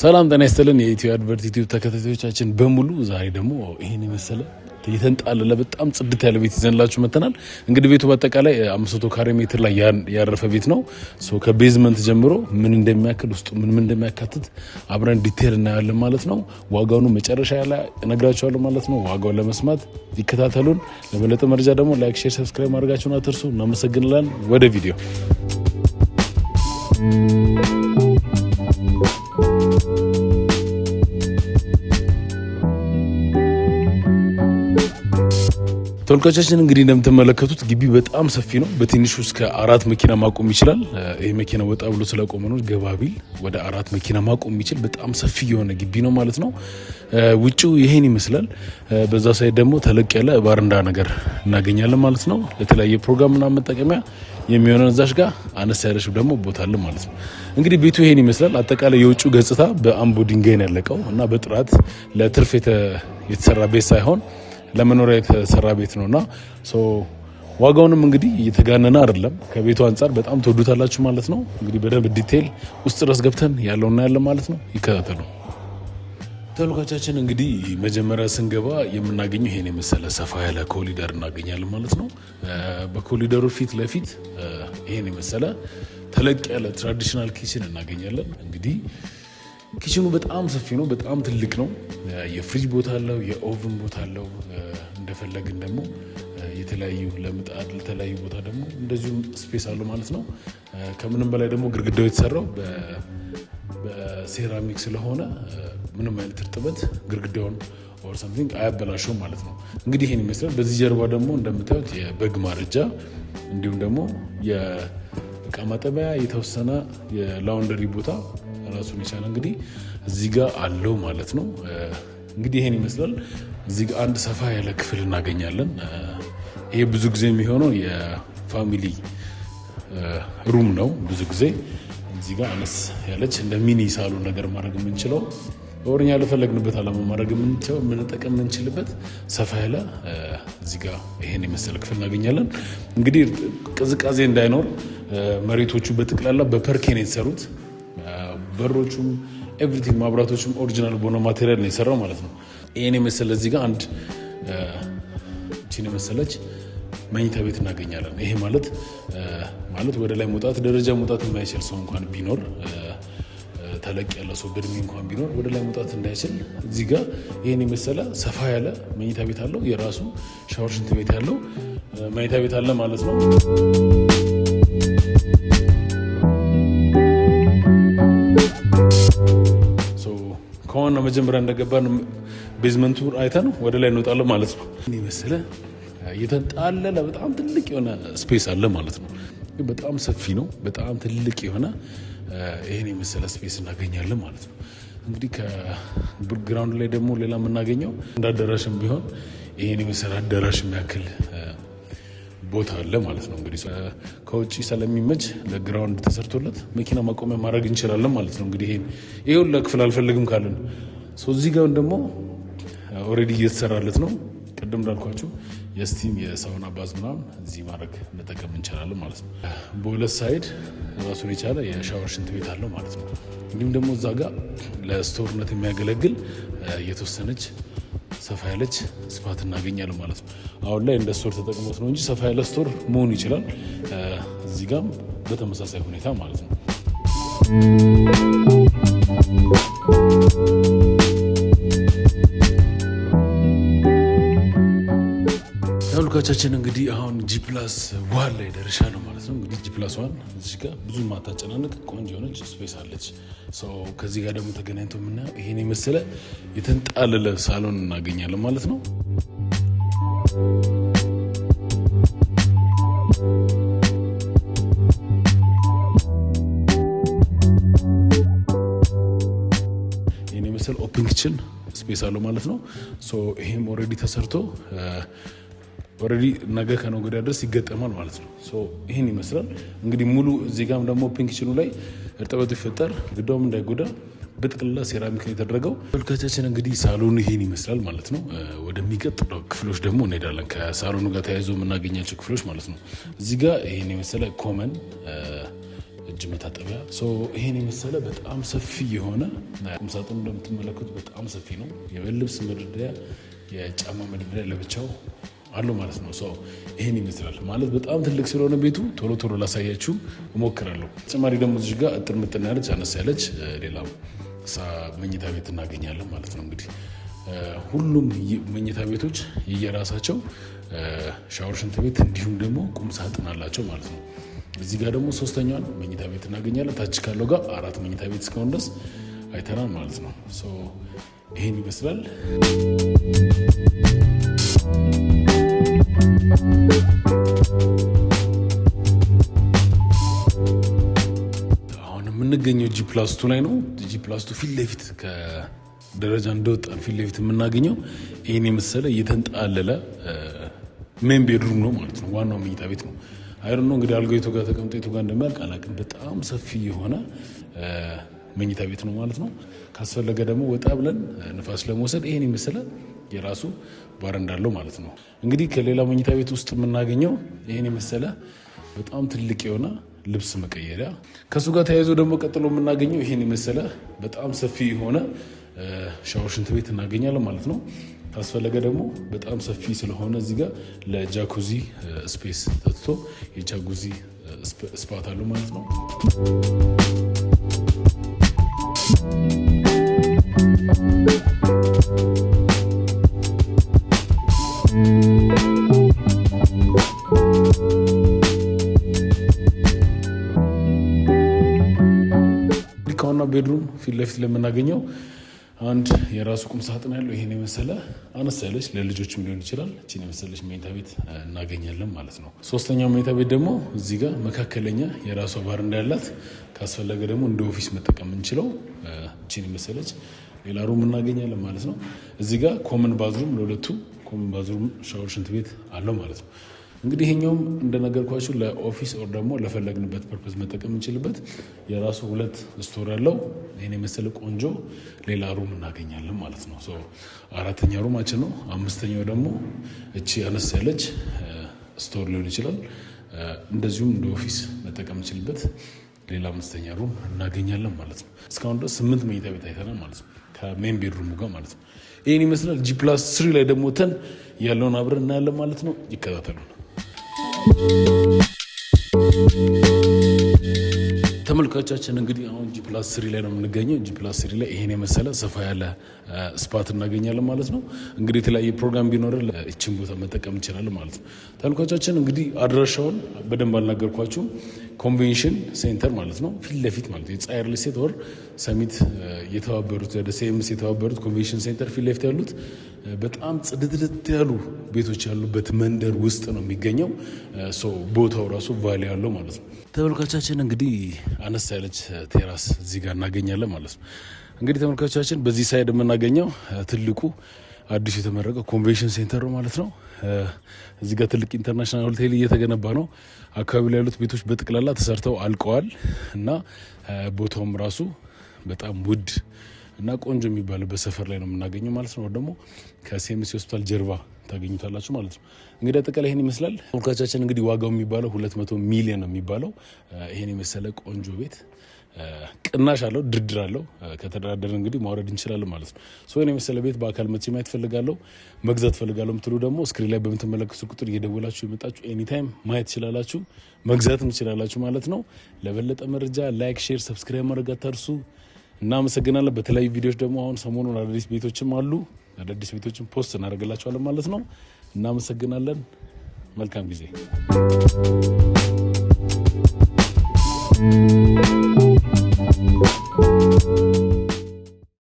ሰላም ጤና ይስጥልን የኢትዮ አድቨርት ዩቲዩብ ተከታታዮቻችን በሙሉ ዛሬ ደግሞ ይህን የመሰለ የተንጣለለ በጣም ጽድት ያለ ቤት ይዘንላችሁ መተናል። እንግዲህ ቤቱ በአጠቃላይ አምስት ካሬ ሜትር ላይ ያረፈ ቤት ነው። ከቤዝመንት ጀምሮ ምን እንደሚያክል ውስጡ ምን ምን እንደሚያካትት አብረን ዲቴል እናያለን ማለት ነው። ዋጋውን መጨረሻ ላይ እነግራችኋለሁ ማለት ነው። ዋጋውን ለመስማት ይከታተሉን። ለበለጠ መረጃ ደግሞ ላይክ፣ ሼር፣ ሰብስክራይብ ማድረጋችሁን አትርሱ። እናመሰግንላለን። ወደ ቪዲዮ ተወልቃቻችን እንግዲህ እንደምትመለከቱት ግቢ በጣም ሰፊ ነው። በትንሹ እስከ አራት መኪና ማቆም ይችላል። ይህ መኪና ወጣ ብሎ ስለቆመ ነው ገባቢል ወደ አራት መኪና ማቆም የሚችል በጣም ሰፊ የሆነ ግቢ ነው ማለት ነው። ውጭው ይሄን ይመስላል። በዛ ሳይ ደግሞ ተለቅ ያለ ባርንዳ ነገር እናገኛለን ማለት ነው። ለተለያየ ፕሮግራም መጠቀሚያ የሚሆነ እዛሽ ጋር አነስ ያለሽ ደግሞ ቦታለን ማለት ነው። እንግዲህ ቤቱ ይሄን ይመስላል። አጠቃላይ የውጭው ገጽታ በአምቦ ድንጋይ ያለቀው እና በጥራት ለትርፍ የተሰራ ቤት ሳይሆን ለመኖሪያ የተሰራ ቤት ነው እና ዋጋውንም እንግዲህ እየተጋነነ አይደለም። ከቤቱ አንጻር በጣም ትወዱታላችሁ ማለት ነው። እንግዲህ በደንብ ዲቴል ውስጥ ድረስ ገብተን ያለውና ያለ ማለት ነው። ይከታተሉ ተመልካቻችን። እንግዲህ መጀመሪያ ስንገባ የምናገኘው ይሄን የመሰለ ሰፋ ያለ ኮሊደር እናገኛለን ማለት ነው። በኮሊደሩ ፊት ለፊት ይሄን የመሰለ ተለቅ ያለ ትራዲሽናል ኪችን እናገኛለን እንግዲህ ኪችኑ በጣም ሰፊ ነው፣ በጣም ትልቅ ነው። የፍሪጅ ቦታ አለው፣ የኦቭን ቦታ አለው። እንደፈለግን ደግሞ የተለያዩ ለምጣድ ለተለያዩ ቦታ ደግሞ እንደዚሁም ስፔስ አለው ማለት ነው። ከምንም በላይ ደግሞ ግድግዳው የተሰራው በሴራሚክ ስለሆነ ምንም አይነት እርጥበት ግድግዳውን ኦር ሳምቲንግ አያበላሸውም ማለት ነው። እንግዲህ ይህን ይመስላል። በዚህ ጀርባ ደግሞ እንደምታዩት የበግ ማረጃ እንዲሁም ደግሞ የእቃ ማጠቢያ የተወሰነ የላውንደሪ ቦታ ራሱን የቻለ እንግዲህ እዚህ ጋር አለው ማለት ነው። እንግዲህ ይሄን ይመስላል። እዚህ ጋር አንድ ሰፋ ያለ ክፍል እናገኛለን። ይሄ ብዙ ጊዜ የሚሆነው የፋሚሊ ሩም ነው። ብዙ ጊዜ እዚህ ጋር አነስ ያለች እንደ ሚኒ ሳሎን ነገር ማድረግ የምንችለው በወረኛ ለፈለግንበት አላማ ማድረግ የምንጠቀም የምንችልበት ሰፋ ያለ እዚህ ጋር ይሄን የመሰለ ክፍል እናገኛለን። እንግዲህ ቅዝቃዜ እንዳይኖር መሬቶቹ በጥቅላላ በፐርኬን የተሰሩት። በሮቹም ኤቭሪቲንግ ማብራቶችም ኦሪጂናል በሆነ ማቴሪያል ነው የሰራው ማለት ነው። ይህን የመሰለ እዚህ ጋር አንድ ቺን የመሰለች መኝታ ቤት እናገኛለን። ይሄ ማለት ማለት ወደ ላይ መውጣት ደረጃ መውጣት የማይችል ሰው እንኳን ቢኖር ተለቅ ያለ ሰው በእድሜ እንኳን ቢኖር ወደ ላይ መውጣት እንዳይችል እዚህ ጋር ይህን የመሰለ ሰፋ ያለ መኝታ ቤት አለው። የራሱ ሻወር፣ ሽንት ቤት ያለው መኝታ ቤት አለ ማለት ነው። ከዋና መጀመሪያ እንደገባን ቤዝመንቱ አይተን ወደ ላይ እንወጣለን ማለት ነው። መሰለ የተንጣለለ በጣም ትልቅ የሆነ ስፔስ አለ ማለት ነው። በጣም ሰፊ ነው። በጣም ትልቅ የሆነ ይህን የመሰለ ስፔስ እናገኛለን ማለት ነው። እንግዲህ ከግራውንድ ላይ ደግሞ ሌላ የምናገኘው እንደ አዳራሽም ቢሆን ይህን የመሰለ አዳራሽ የሚያክል ቦታ አለ ማለት ነው። እንግዲህ ከውጭ ስለሚመች ለግራውንድ ተሰርቶለት መኪና ማቆሚያ ማድረግ እንችላለን ማለት ነው። እንግዲህ ይሄ ይሄውን ለክፍል አልፈልግም ካለን እዚህ ጋር ደግሞ ኦልሬዲ እየተሰራለት ነው። ቅድም እንዳልኳቸው የስቲም የሳውና ባዝ ምናምን እዚህ ማድረግ መጠቀም እንችላለን ማለት ነው። በሁለት ሳይድ ራሱን የቻለ የሻወር ሽንት ቤት አለው ማለት ነው። እንዲሁም ደግሞ እዛ ጋር ለስቶርነት የሚያገለግል የተወሰነች ሰፋ ያለች ስፋት እናገኛለን ማለት ነው። አሁን ላይ እንደ ስቶር ተጠቅሞት ነው እንጂ ሰፋ ያለ ስቶር መሆን ይችላል። እዚህ ጋም በተመሳሳይ ሁኔታ ማለት ነው። ተመልካቻችን እንግዲህ አሁን ጂፕላስ ፕላስ ዋን ላይ ደርሻለሁ። ማለት ነው። እንግዲህ ጂ እዚህ ጋር ብዙ ማታጨናንቅ ቆንጆ የሆነች ስፔስ አለች። ከዚህ ጋር ደግሞ ተገናኝቶ የምናየው ይሄን የመሰለ የተንጣለለ ሳሎን እናገኛለን ማለት ነው። ይህን የመሰለ ኦፕን ኪችን ስፔስ አለው ማለት ነው። ይሄም ኦልሬዲ ተሰርቶ ኦልሬዲ ነገ ከነገ ወዲያ ድረስ ይገጠማል ማለት ነው። ይህን ይመስላል እንግዲህ ሙሉ እዚህ ጋም ደግሞ ፒንክ ችኑ ላይ እርጥበቱ ይፈጠር ግዳውም እንዳይጎዳ በጥቅልላ ሴራሚክ ነው የተደረገው። ተመልካቻችን እንግዲህ ሳሎኑ ይሄን ይመስላል ማለት ነው። ወደሚቀጥለው ክፍሎች ደግሞ እንሄዳለን። ከሳሎኑ ጋር ተያይዞ የምናገኛቸው ክፍሎች ማለት ነው። እዚህ ጋር ይሄን የመሰለ ኮመን እጅ መታጠቢያ፣ ይሄን የመሰለ በጣም ሰፊ የሆነ ቁምሳጥኑ እንደምትመለከቱ በጣም ሰፊ ነው። የልብስ መደርደሪያ፣ የጫማ መደርደሪያ ለብቻው አሉ ማለት ነው። ሰው ይህን ይመስላል ማለት በጣም ትልቅ ስለሆነ ቤቱ ቶሎ ቶሎ ላሳያችሁ እሞክራለሁ። ተጨማሪ ደግሞ እዚህ ጋር እጥር ምጥን ያለች አነስ ያለች ሌላ መኝታ ቤት እናገኛለን ማለት ነው። እንግዲህ ሁሉም መኝታ ቤቶች የየራሳቸው ሻወር፣ ሽንት ቤት እንዲሁም ደግሞ ቁም ሳጥን አላቸው ማለት ነው። እዚህ ጋር ደግሞ ሶስተኛዋን መኝታ ቤት እናገኛለን። ታች ካለው ጋር አራት መኝታ ቤት እስካሁን ድረስ አይተናል ማለት ነው። ይህን ይመስላል። አሁን የምንገኘው ጂ ፕላስቱ ላይ ነው። ጂ ፕላስቱ ፊት ለፊት ከደረጃ እንደወጣን ፊት ለፊት የምናገኘው ይህን የመሰለ እየተንጣለለ ሜን ቤድሩም ነው ማለት ነው። ዋናው መኝታ ቤት ነው። አይሮ ነው እንግዲህ አልጋዊቱ ጋር ተቀምጦ የቱ ጋር እንደሚያልቅ አላውቅም። በጣም ሰፊ የሆነ መኝታ ቤት ነው ማለት ነው። ካስፈለገ ደግሞ ወጣ ብለን ንፋስ ለመውሰድ ይሄን የመሰለ የራሱ ባር እንዳለው ማለት ነው። እንግዲህ ከሌላ መኝታ ቤት ውስጥ የምናገኘው ይሄን የመሰለ በጣም ትልቅ የሆነ ልብስ መቀየሪያ፣ ከእሱ ጋር ተያይዞ ደግሞ ቀጥሎ የምናገኘው ይሄን የመሰለ በጣም ሰፊ የሆነ ሻወር ሽንት ቤት እናገኛለን ማለት ነው። ካስፈለገ ደግሞ በጣም ሰፊ ስለሆነ እዚህ ጋር ለጃኩዚ ስፔስ ተትቶ የጃኩዚ ስፓት አሉ ማለት ነው። ዲካውና ቤድሩም ፊት ለፊት ለምናገኘው አንድ የራሱ ቁም ሳጥን ያለው ይሄን የመሰለ አነስ ያለች ለልጆችም ሊሆን ይችላል እችን የመሰለች መኝታ ቤት እናገኛለን ማለት ነው። ሶስተኛው መኝታ ቤት ደግሞ እዚህ ጋር መካከለኛ የራሷ ባር እንዳላት ካስፈለገ ደግሞ እንደ ኦፊስ መጠቀም የምንችለው እችን የመሰለች ሌላ ሩም እናገኛለን ማለት ነው። እዚህ ጋር ኮመን ባዝሩም ለሁለቱ ኮመን ባዝሩም ሻወር ሽንት ቤት አለው ማለት ነው። እንግዲህ ይሄኛውም እንደነገርኳችሁ ለኦፊስ ኦር ደግሞ ለፈለግንበት ፐርፐስ መጠቀም እንችልበት። የራሱ ሁለት ስቶር ያለው ይህን የመሰለ ቆንጆ ሌላ ሩም እናገኛለን ማለት ነው። አራተኛ ሩማችን ነው። አምስተኛው ደግሞ እቺ አነስ ያለች ስቶር ሊሆን ይችላል። እንደዚሁም እንደ ኦፊስ መጠቀም እንችልበት ሌላ አምስተኛ ሩም እናገኛለን ማለት ነው። እስካሁን ድረስ ስምንት መኝታ ቤት አይተናል ማለት ነው ከሜን ቤድ ሩሙ ጋር ማለት ነው። ይህን ይመስላል። ጂ ፕላስ ስሪ ላይ ደግሞ ተን ያለውን አብረን እናያለን ማለት ነው። ይከታተሉን። ተመልካቻችን እንግዲህ አሁን ጂ ፕላስ ስሪ ላይ ነው የምንገኘው። ጂ ፕላስ ስሪ ላይ ይሄን የመሰለ ሰፋ ያለ ስፓት እናገኛለን ማለት ነው። እንግዲህ የተለያየ ፕሮግራም ቢኖረ እችን ቦታ መጠቀም እንችላለን ማለት ነው። ተመልካቻችን እንግዲህ አድራሻውን በደንብ አልናገርኳችሁ ኮንቬንሽን ሴንተር ማለት ነው፣ ፊት ለፊት ማለት ነው። የፀሐይ ሪል ስቴት ወር ሰሚት የተባበሩት ደሴ የተባበሩት ኮንቬንሽን ሴንተር ፊት ለፊት ያሉት በጣም ጽድትልት ያሉ ቤቶች ያሉበት መንደር ውስጥ ነው የሚገኘው። ቦታው ራሱ ቫሊ ያለው ማለት ነው። ተመልካቻችን እንግዲህ አነስ ያለች ቴራስ እዚህ ጋር እናገኛለን ማለት ነው። እንግዲህ ተመልካቻችን በዚህ ሳይድ የምናገኘው ትልቁ አዲሱ የተመረቀ ኮንቬንሽን ሴንተር ነው ማለት ነው። እዚህ ጋር ትልቅ ኢንተርናሽናል ሆቴል እየተገነባ ነው። አካባቢ ላይ ያሉት ቤቶች በጠቅላላ ተሰርተው አልቀዋል እና ቦታውም ራሱ በጣም ውድ እና ቆንጆ የሚባልበት ሰፈር ላይ ነው የምናገኘው ማለት ነው። ደግሞ ከሴምሲ ሆስፒታል ጀርባ ታገኙታላችሁ ማለት ነው። እንግዲህ አጠቃላይ ይህን ይመስላል ቶልካቻችን። እንግዲህ ዋጋው የሚባለው ሁለት መቶ ሚሊዮን ነው የሚባለው። ይህን የመሰለ ቆንጆ ቤት ቅናሽ አለው፣ ድርድር አለው። ከተደራደር እንግዲህ ማውረድ እንችላለን ማለት ነው። ይህን የመሰለ ቤት በአካል መቼ ማየት ፈልጋለሁ፣ መግዛት ፈልጋለሁ ምትሉ ደግሞ እስክሪን ላይ በምትመለከቱ ቁጥር እየደወላችሁ የመጣችሁ ኤኒታይም ማየት ትችላላችሁ፣ መግዛትም ትችላላችሁ ማለት ነው። ለበለጠ መረጃ ላይክ፣ ሼር፣ ሰብስክራይብ ማድረግ አታርሱ። እናመሰግናለን። በተለያዩ ቪዲዮዎች ደግሞ አሁን ሰሞኑን አዳዲስ ቤቶችም አሉ። አዳዲስ ቤቶችን ፖስት እናደርግላቸዋለን ማለት ነው። እናመሰግናለን። መልካም ጊዜ